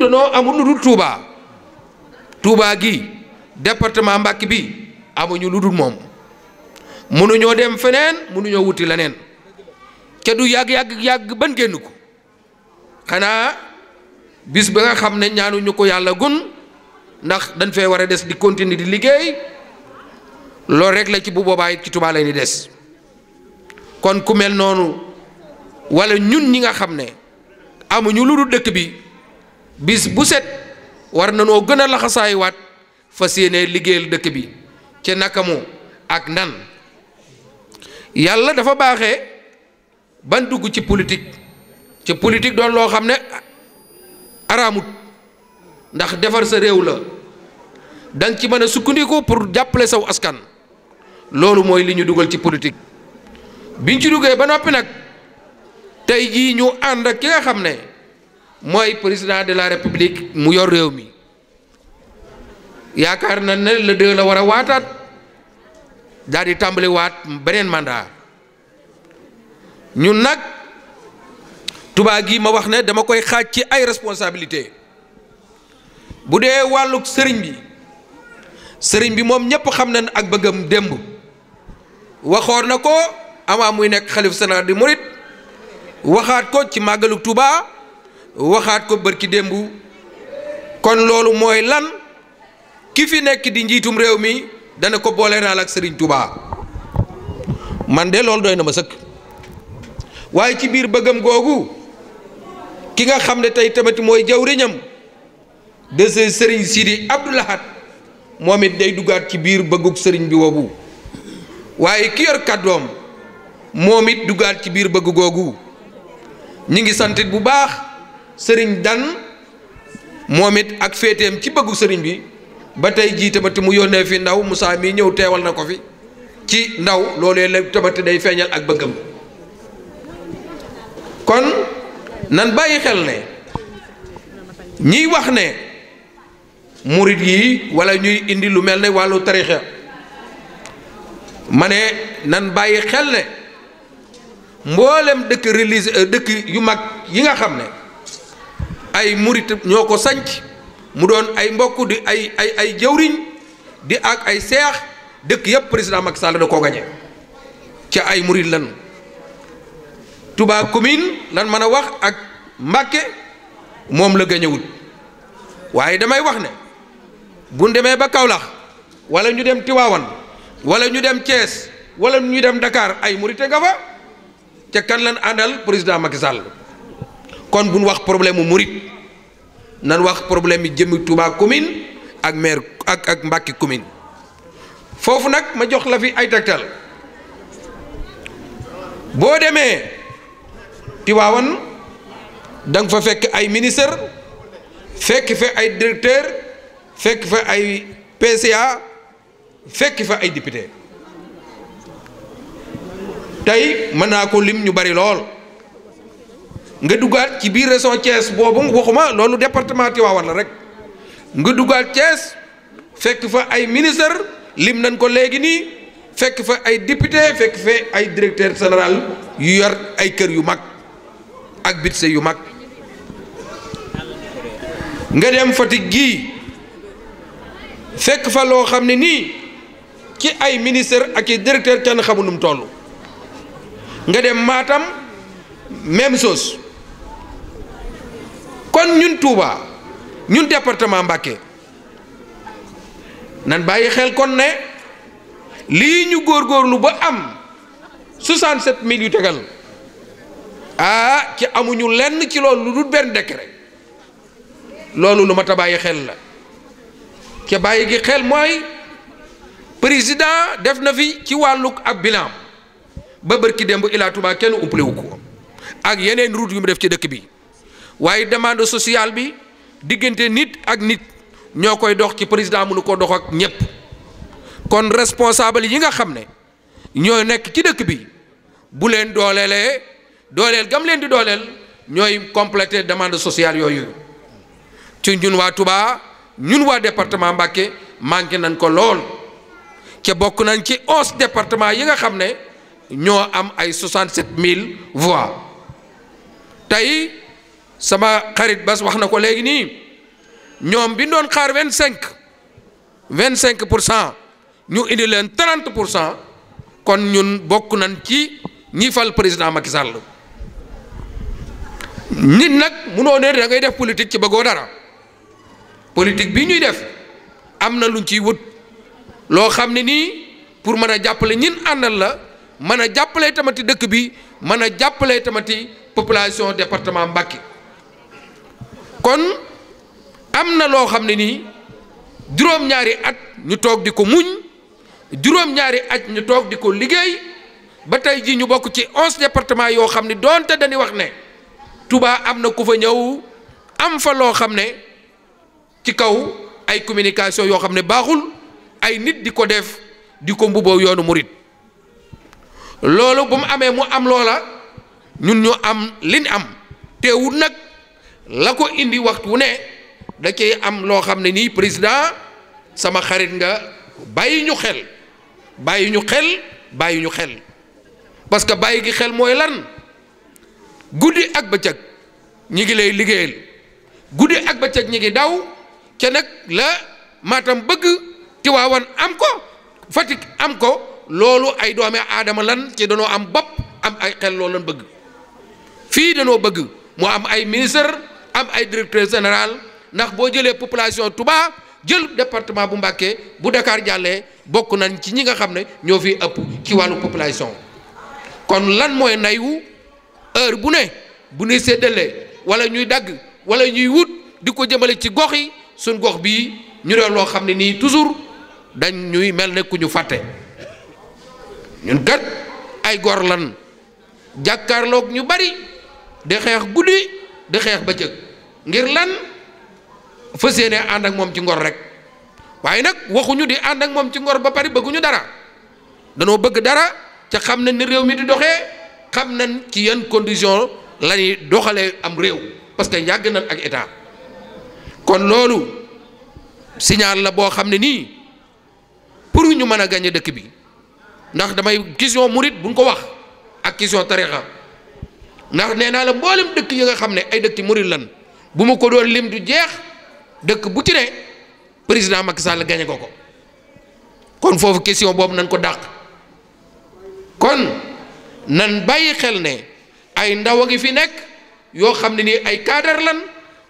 donno amul lu dul tuba tuba gi département Mbacké bi amuñu lu mom munu mënuñoo dem munu mënuñoo wuti lanen ca du yag yag yag ban génn ko bis ba nga xamne ñaanu ñuko yalla gun ndax dañ fay wara dess des di continue di liggey lo rek la ci bu boba ci tuba lay ni dess kon ku mel nonu wala ñun ñi nga xamne amuñu dekk bi. bis bu set war na noo gën a waat fas yéene liggéeyal dëkk bi ci nakamu ak nan yàlla dafa baaxe ban dugg ci politique ci politique doon loo xam ne araamut ndax defar sa réew la danga ci mën a sukkandiku pour jàppale saw askan loolu mooy li ñu dugal ci politique biñ ci duggee ba noppi nag tey jii ñu ànd ak ki nga xam ne mooy président de la république mu yor réew mi yaakaar na ne le deux la war a waataat daal di tàmbali waat beneen mandat ñun nag Touba gi ma wax ne dama koy xaaj ci ay responsabilité bu dee wàlluk sëriñ bi sëriñ bi moom ñépp xam nañ ak bëggam démb waxoon na ko avant muy nekk xalif général des mourides waxaat ko ci màggalu tubaa waxat ko barki dembu kon lolu moy lan ki fi nek di njitum réew mi dana ko bolé nal ak Serigne Touba man de lolu doyna ma siri. waye ci bir beugam gogou ki nga xam tay tamit jawriñam de ce Serigne Sidi abdoulahad momit day dugaat ci bir beuguk Serigne bi woowu waye ki yor ci bir beug gogou ñi ngi santit bu baax. sëriñ dan moom it ak féeteem ci bëggu sëriñ bi ba tey jii tamit mu yonnee fi ndaw Moussa mii ñëw teewal na ko fi ci ndaw loolee la tamit day feeñal ak bëggam kon nan bàyyi xel ne ñiy wax ne murit yi wala ñuy indi lu mel ne wàllu tarixa ma ne nan bàyyi xel ne mboolem dëkk religieux dëkk yu mag yi nga xam ne ay murit ñoko sanc mu doon ay mbokk di ay ay ay jeuwriñ di ak ay cheikh dekk yeb president Macky Sall da ko gañe ci ay murit lan Touba commune lan mëna wax ak Mbàkke mom la gañewut waye damay wax ne bu demee ba Kaolack wala ñu dem Tiwawan wala ñu dem Thiès wala ñu dem Dakar ay murit gafa ci kan lan andal président Macky Sall kon buñ wax problème mourid nan wax problème yi Touba commune ak maire ak ak Mbacké commune fofu nak ma jox la fi ay tektal bo démé Tiwaawan fa fekk ay ministre fekk fa ay directeur fekk fa ay PCA fekk fa ay député tay mën naa ko lim ñu bari lol nga duggaat ci biir région Thiès boobu waxuma loolu département Tivaouane la rek nga dugaat Thiès fekk fa ay ministre lim nañ ko léegi nii fekk fa ay député fekk fa ay directeur général yu yar ay kër yu mag ak bitse yu mag nga dem Fatick gii fekk fa loo xam ne nii ci ay ministre ak i directeur kenn xamu nu mu toll nga dem Matam même chose kon ñun Touba ñun département Mbacké nan bàyyi xel kon ne lii ñu góor góorgóorlu ba am 67 mil yu tegal ah ci amuñu lenn ci loolu lu dul benn décret loolu lu mat a bàyyi xel la ca bàyyi gi xel mooy président def na fi ci wàlluk ab bilan ba bërki démb Ila Touba kenn umpale wu ko ak yeneen route yu mu def ci dëkk bi. waaye demande sociale bi diggante nit ak nit ñoo koy dox ci président mënu ko dox ak ñépp kon responsable yi nga xam ne ñoo nekk ci dëkk bi bu leen dooleelee dooleel gam leen di dooleel ñooy compléter demande sociale yooyu ci ñun waa Touba ñun waa département Mbacké manqué nañ ko lool ca bokk nañ ci onze département yi nga xam ne ñoo am ay 67000 voix tey sama xarit bas wax na ko léegi nii ñoom bi doon xaar vingt cinq vingt cinq pour cent ñu indi leen trente pour cent kon ñun bokk nañ ci ñi fal président Macky la nit nag munoo ne da ngay def politique ci bëggoo dara politique bi ñuy def am na luñ ciy wut loo xam ne nii pour mën a jàppale ñin àndal la mën a jàppale tamati dëkk bi mën a jàppale tamati population département Mbacké kon am na loo xam ne nii juróom-ñaari at ñu toog di ko muñ juróom-ñaari at ñu toog di ko liggéey ba tey jii ñu bokk ci onze département yoo xam ne doonte dañuy wax ne Touba am na ku fa ñëw am fa loo xam ne ci kaw ay communication yoo xam ne baaxul ay nit di ko def di ko mbuboo yoonu murit loolu bu mu amee mu am loola ñun ñu am liñ am teewul nag lako ini indi waxtu ne da cey am lo xamne ni president sama xarit nga bayi ñu xel bàyyi ñu xel bàyyi ñu xel parce que bàyyi gi xel moy lan gudi ak beccak ñi ngi lay liggeel gudi ak beccak ñi ngi daw ci nak la Matam bëgg Tiwaawan am ko fatik am ko lolu ay doomi aadama lan ci am bop am ay xel loolu lan bëgg fi danoo bëgg mo am ay ministre am ay directeur général ndax boo jëlee population Touba jël département bu Mbacké bu Dakar jàllee bokk nañ ci ñi nga xam ne ñoo fi ëpp ci wàllu population kon lan mooy nayu heure bu ne bu ñuy séddalee wala ñuy dagg wala ñuy wut di ko jëmale ci gox yi suñ gox bii ñu doon loo xam ne nii toujours dañ ñuy mel ne ku ñu fàtte ñun kat ay gor lan jàkkaarloog ñu bari di xeex guddi di xeex bëccëg ngir lan fassiyene and ak mom ci ngor rek waaye nag waxuñu di and ak mom ci ngor ba pare bëgguñu dara dañu bëgg dara ci xamna ni rew mi di doxé xamna ci yeen condition lañi ñuy am rew parce que yàgg nañ ak état kon lolu signal la bo xamni ni pour ñu mëna a dëkk bi ndax damay question mouride buñ ko wax ak question tariqa ndax nee naa la mboolem dëkk yi nga xam ne ay dëkk murid lan bu ma ko doon lim du jeex dëkk bu ci ne président Macky sàll gañe ko ko kon foofu question boobu nañ ko dàq kon nan bàyyi xel ne ay ndaw a ngi fi nekk yoo xam ne nii ay cadre lan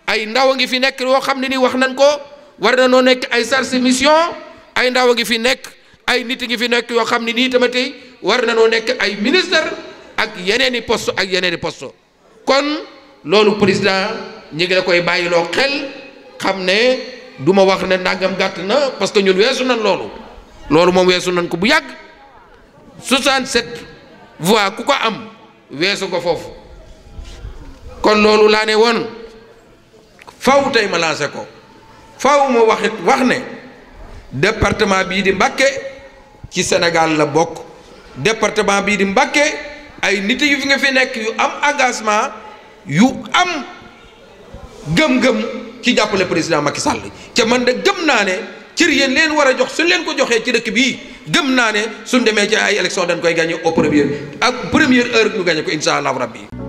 ay ndaw a ngi fi nekk yoo xam ne nii wax nañ ko war na noo nekk ay chargé mission ay ndaw a ngi fi nekk ay nit a ngi fi nekk yoo xam ne nii tama tamit war na noo nekk ay ministre ak yeneen i poste ak yeneeni i kon loolu président ñu ngi la koy bàyyiloo xel xam ne du ma wax ne ndàngam gàtt na parce que ñun weesu nañ loolu loolu moom weesu nañ ko bu yàgg 67 voix ku ko am weesu ko foofu kon loolu laa ne woon faw tey ma ko faw ma waxit wax ne département bii di Mbacké ci Sénégal la bokk département bii di Mbacké ay nit yu fi nga fi nekk yu am engagement yu am gëm-gëm ci jàppale président Macky Sall ca man de gëm naa ne cër yéen leen war a jox suñ leen ko joxee ci dëkk bii gëm naa ne suñ demee ci ay élection dañ koy gagné au premier ak première heure ñu gagné ko incha allah rabbi